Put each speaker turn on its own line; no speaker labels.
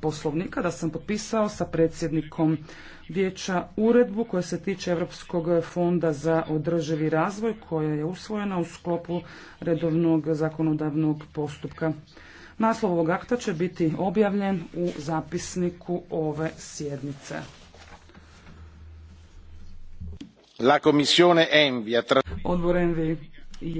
poslovnika da sam potpisao sa predsjednikom vijeća uredbu koja se tiče Europskog fonda za održivi razvoj koja je usvojena u sklopu redovnog zakonodavnog postupka. Naslov ovog akta će biti objavljen u zapisniku ove sjednice.
La Commissione
Odbor Envi